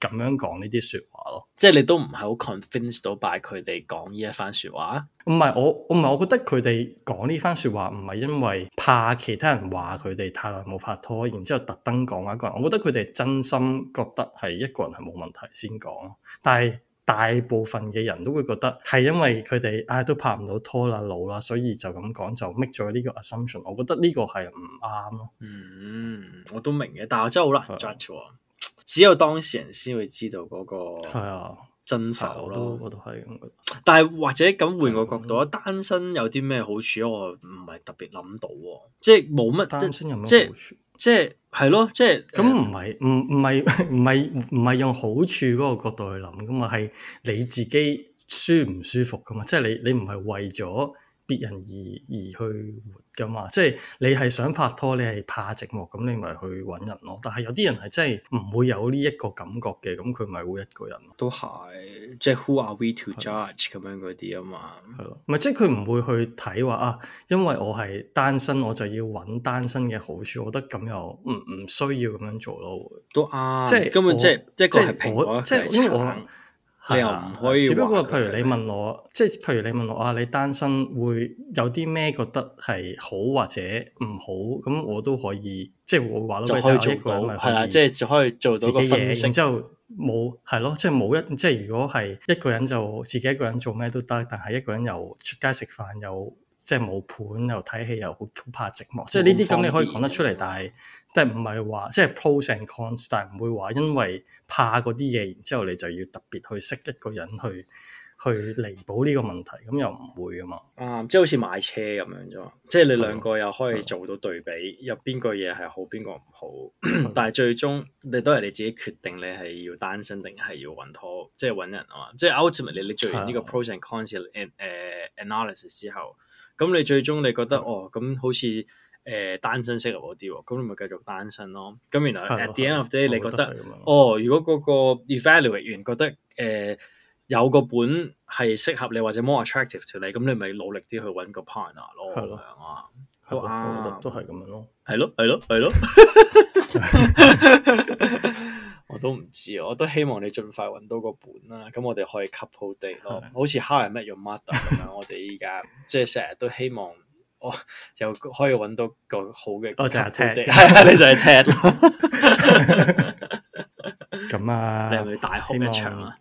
[SPEAKER 1] 咁樣講呢啲説話咯，即係你都唔係好 convince 到 by 佢哋講呢一番説話。唔係我，我唔係我覺得佢哋講呢番説話唔係因為怕其他人話佢哋太耐冇拍拖，然之後特登講一個人。我覺得佢哋真心覺得係一個人係冇問題先講。但係大部分嘅人都會覺得係因為佢哋啊都拍唔到拖啦老啦，所以就咁講就 make 咗呢個 assumption。我覺得呢個係唔啱咯。嗯，我都明嘅，但我真係好難只有當事人先會知道嗰個係啊真否咯，我都覺得係。但係或者咁換個角度，就是、單身有啲咩好處？我唔係特別諗到，即係冇乜單身有咩好處？即係係咯，即係咁唔係唔唔係唔係唔係用好處嗰個角度去諗噶嘛？係你自己舒唔舒服噶嘛？即係你你唔係為咗別人而而去。噶嘛，即係你係想拍拖，你係怕寂寞，咁你咪去揾人咯。但係有啲人係真係唔會有呢一個感覺嘅，咁佢咪會一個人咯。都係，即係 Who are we to judge 咁樣嗰啲啊嘛。係咯，唔係即係佢唔會去睇話啊，因為我係單身，我就要揾單身嘅好處。我覺得咁又唔唔需要咁樣做咯。都啱對，即係是根本，就是，我即係即係平，即係我係啊，只不過譬如你問我，即係吧譬如你問我啊，你，我啊你單身會有啲咩覺得係好或者唔好？咁我都可以，即係我話都係，就係一個人係啦，即係就可以做到自己嘢。然之後冇係咯，即係冇一即係如果係一個人就自己一個人做咩都得，但係一個人又出街食飯又。即係冇盤又睇戲又好怕寂寞，即係呢啲咁你可以講得出嚟，但係都係唔係話即係 pros and cons，但係唔會話因為怕嗰啲嘢，然之後你就要特別去識一個人去去彌補呢個問題，咁又唔會噶嘛。啊，即係好似買車咁樣啫。即係你兩個又可以做到對比，有邊個嘢係好，邊個唔好，但係最終你都係你自己決定，你係要單身定係要揾拖，即係揾人啊嘛。即係 ultimately 你做完呢個 pros and cons 誒 analysis 之後。咁你最終你覺得、嗯、哦，咁好似誒、呃、單身適合嗰啲喎，咁你咪繼續單身咯。咁原來 at the end of the day，的你覺得,覺得哦，如果嗰個 evaluate 完覺得誒、呃、有個本係適合你或者 more attractive to you, 你，咁你咪努力啲去搵個 partner 咯。係咯，都啱，都係咁樣咯。係咯，係咯，係咯。 都唔知，我都希望你盡快揾到個本啦，咁我哋可以吸好地咯，好似 How I Met Your Mother 咁樣， 我哋依家即係成日都希望我、哦、又可以揾到個好嘅。 day，我就係 c h 啊，你就係 c h a 咁啊，你係咪大開一場啊！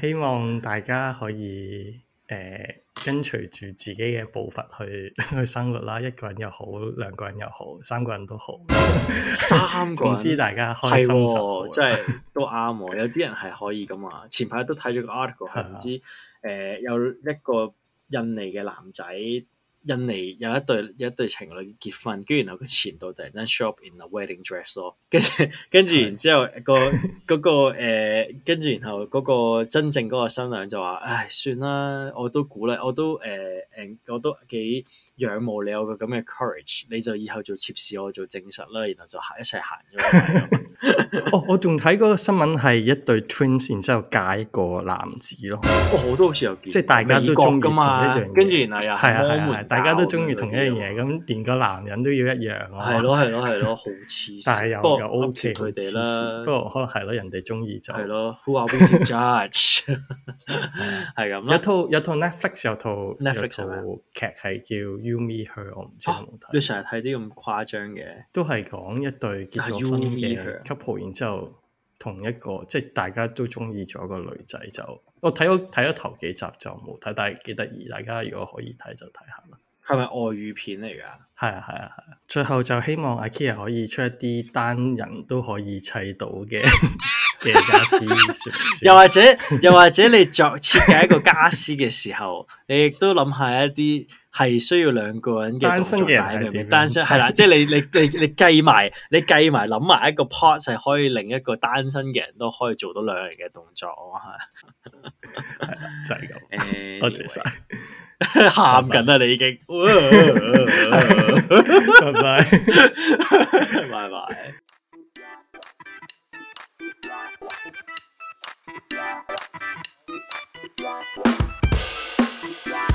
[SPEAKER 1] 希望， 希望大家可以誒。呃跟隨住自己嘅步伐去去生活啦， 一個人又好，兩個人又好，三個人都好。三個， 總之大家開心就好、哦 哦，真係都啱、哦。有啲人係可以㗎嘛，前排都睇咗個 article，唔的知誒、呃、有一個印尼嘅男仔。印尼有一對一對情侶結婚，跟住然後佢前度突然間 shop in a wedding dress 咯，跟住跟住然之後個嗰個跟住然後嗰、 嗰個呃嗰個真正嗰個新娘就話：唉，算啦，我都鼓勵，我都誒誒、呃，我都幾，仰慕你有個咁嘅 courage，你就以後做妾侍，我做正室啦，然後就行一齊行。哦，我仲睇嗰個新聞係一對 twins，然之後嫁一個男子咯。我好多時候即係大家都中意嘅嘛，跟住然後又啊係啊，大家都中意同一樣嘢，咁連個男人都要一樣啊。係咯係咯係咯，好似，但係又又 OK 佢哋啦。不過可能係咯，人哋中意就係咯。Who are we to judge？係咁咯。有套有套 Netflix 有套 Netflix 劇係叫。You Me Her，我唔知有有，有冇睇？你成日睇啲咁誇張嘅，都係講一對結咗婚嘅 couple，然之後同一個即係大家都中意咗個女仔，就我睇咗睇咗頭幾集就冇睇，但係幾得意。大家如果可以睇就睇下啦。係咪外語片嚟㗎？係啊係啊，係啊，係啊。最後就希望阿 Kia 可以出一啲單人都可以砌到嘅嘅 家私具。 又或者又或者你作設計一個家私嘅時候， 你亦都諗下一啲。係需要兩個人嘅動作，單身嘅人係點？單身係啦，即係、 就是、你你你你計埋，你計埋諗埋一個 part 係可以令一個單身嘅人都可以做到兩人嘅動作，係 啦， 就係咁。多謝曬，喊緊啊！你已經，拜拜，拜拜。